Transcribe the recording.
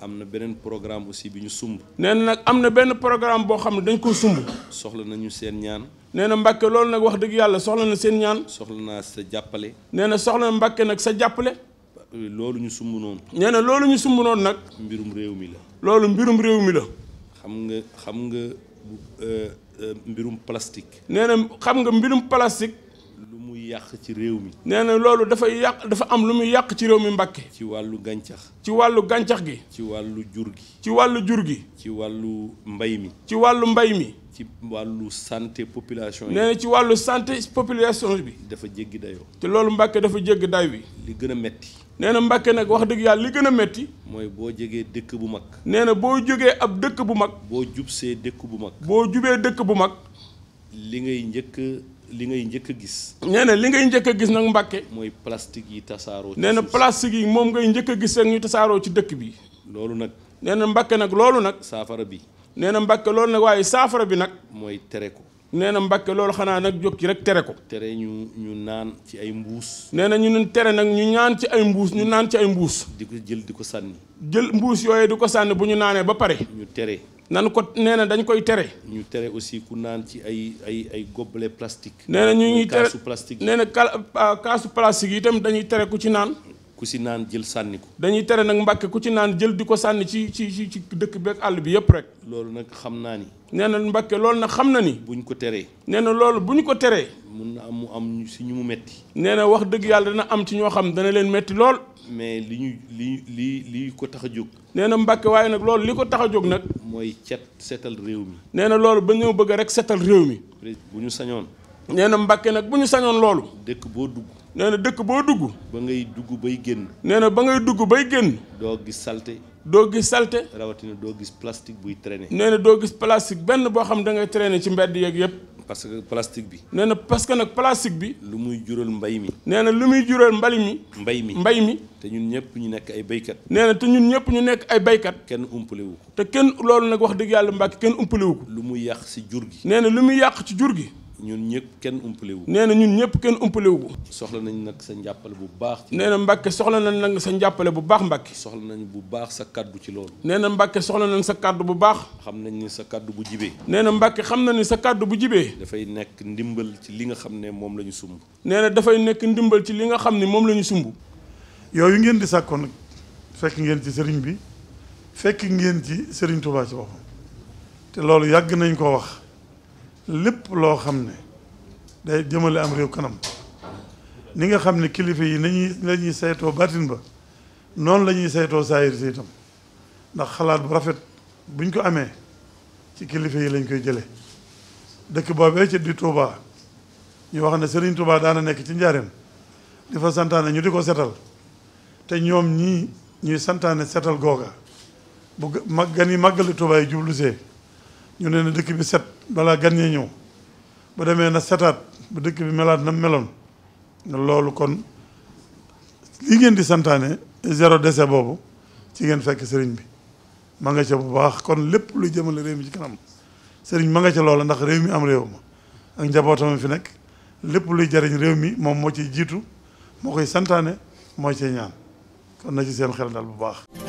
am na beneen programme aussi bi ñu sumb. neen nag am na benn programme boo xam ne dañ koo sumb. soxla nañu seen ñaan. nee na Mbàkke loolu nag wax dëgg yàlla soxla na seen ñaan. soxla naa sa jàppale. nee na soxla na Mbàkke nag sa jàppale. loolu ñu sumb noonu. nee na loolu ñu sumb noonu nag. mbirum réew mi la. loolu mbirum réew mi la. xam nga xam nga euh, euh, mbirum plastique. nee xam nga mbirum plastique. yàq ci réew mi. nee na loolu dafa yàq dafa am lu muy yàq ci réew mi Mbàkke. ci wàllu gàncax. ci wàllu gàncax gi. ci wàllu jur gi. ci wàllu jur gi. ci wàllu mbay mi. ci wàllu mbay mi. ci wàllu santé population yi. nee ci wàllu santé population bi. dafa jéggi dayoo. te loolu Mbàkke dafa jéggi day wi. li gën a metti. nee na Mbàkke nag wax dëgg yàlla li gën a metti mooy boo jógee dëkk bu mag. nee na boo jógee ab dëkk bu mag. boo jubsee dëkk bu mag. boo jubee dëkk bu mag. li ngay njëkk. li ngay njëkk a gis. nee na li ngay njëkk a gis nag Mbàkke. mooy plastique yi tasaaroo. nee na plastique yi moom ngay njëkk a gis rek ñu tasaaroo ci dëkk bi. loolu nag. nee na Mbàkke nag loolu nag. saafara bi. nee na Mbàkke loolu nag waaye saafara bi nag. mooy tere ko. nee na Mbàkke loolu xanaa nag jóg ci rek tere ko. tere ñu ñu naan ci ay mbuus. nee na ñu tere nag ñu ñaan ci ay mbuus ñu naan ci ay mbuus. di ko jël di ko sànni. jël mbuus yooyu di ko sànni bu ñu naanee ba pare. ñu tere. nanu ko nee na dañ koy tere. ñu tere aussi ku naan ci ay ay ay gobelet plastique. nee na ñu ngi tere kaasu plastique nee na kaasu plastique yi tamit dañuy tere ku ci naan. ku ci naan jël sànni ko. dañuy tere nag mbàkke ku ci naan jël di ko sànni ci ci ci dëkk beeg àll bi yëpp rek. loolu nag xam naa ni. nee na mbàkke loolu nag xam na ni. buñ ko teree. nee na loolu bu ñu ko teree. mun na am mu am si ñu mu metti. nee na wax dëgg yàlla dana am ci ñoo xam dana leen metti lool. mais li ñu li li li ko tax a jóg. nee na mbàkke waaye nag loolu li ko tax a jóg nag. mooy cet setal réew mi. nee na loolu ba ñëw bëgg rek setal réew mi. bu ñu sañoon. nee na Mbàkke nag bu ñu sañoon loolu. dëkk boo dugg. nee na dëkk boo dugg. ba ngay dugg bay génn. nee na ba ngay dugg bay génn. doo gis salte. doo gis salte. rawatina doo gis plastique buy traîner. nee na doo gis plastique benn boo xam da ngay traîner ci mbedd yeeg yëpp. parce que plastique bi. nee na parce que nag plastique bi. lu muy jural mbay mi. nee na lu muy jural mbali mi. mbay mi mbay mi. te ñun ñëpp ñu nekk ay baykat. nee na te ñun ñëpp ñu nekk ay baykat. kenn umpale wu ko. te kenn loolu nag wax dëgg yàlla mbàkk kenn umpale wu ko. lu muy yàq si jur gi. nee na lu muy yàq ci jur gi. ñun ñëpp kenn umpale wu. nee na ñun ñëpp kenn umpale wu. soxla nañ nag sa njàppale bu baax. nee na Mbàkke soxla nañ nag sa njàppale bu baax Mbàkke. soxla nañ bu baax sa kaddu ci loolu. nee na Mbàkke soxla nañ sa kàddu bu baax. xam nañ ni sa kaddu bu jibee. nee na Mbàkke xam na ni sa kàddu bu jibee. dafay nekk ndimbal ci li nga xam ne moom la ñu sumb. nee na dafay nekk ndimbal ci li nga xam ne moom lañu ñu sumb. yooyu ngeen di sàkkoon nag fekk ngeen ci sëriñ bi fekk ngeen ci sëriñ Tuubaa ci loolu yàgg nañ ko wax lépp loo xam ne day jëmale am réew kanam ni nga xam ne kilifa yi nañuy la saytoo baatin ba noonu la ñuy saytoo saayir si itam ndax xalaat bu rafet buñ ko amee ci kilifa yi lañ koy jëlee dëkk boobee ci di tuubaa ñu wax ne Serigne Touba daana nekk ci njaareem di fa santaane ñu di ko setal te ñoom ñii ñuy santaane setal googa bu mag gan yi màggali Touba yi jublu see ñu ne na dëkk bi set balaa gan ñee ñëw ba demee na setaat bu dëkk bi melaat na meloon loolu kon li ngeen di santaane zéro déchet boobu ci ngeen fekk sëriñ bi ma nga ca bu baax kon lépp luy jëmale réew mi ci kanam sëriñ ma nga ca loola ndax réew mi am réew ma ak njabootam fi nekk lépp luy jariñ réew mi moom moo ciy jiitu moo koy santaane moo ciy ñaan kon na ci seen xel dal bu baax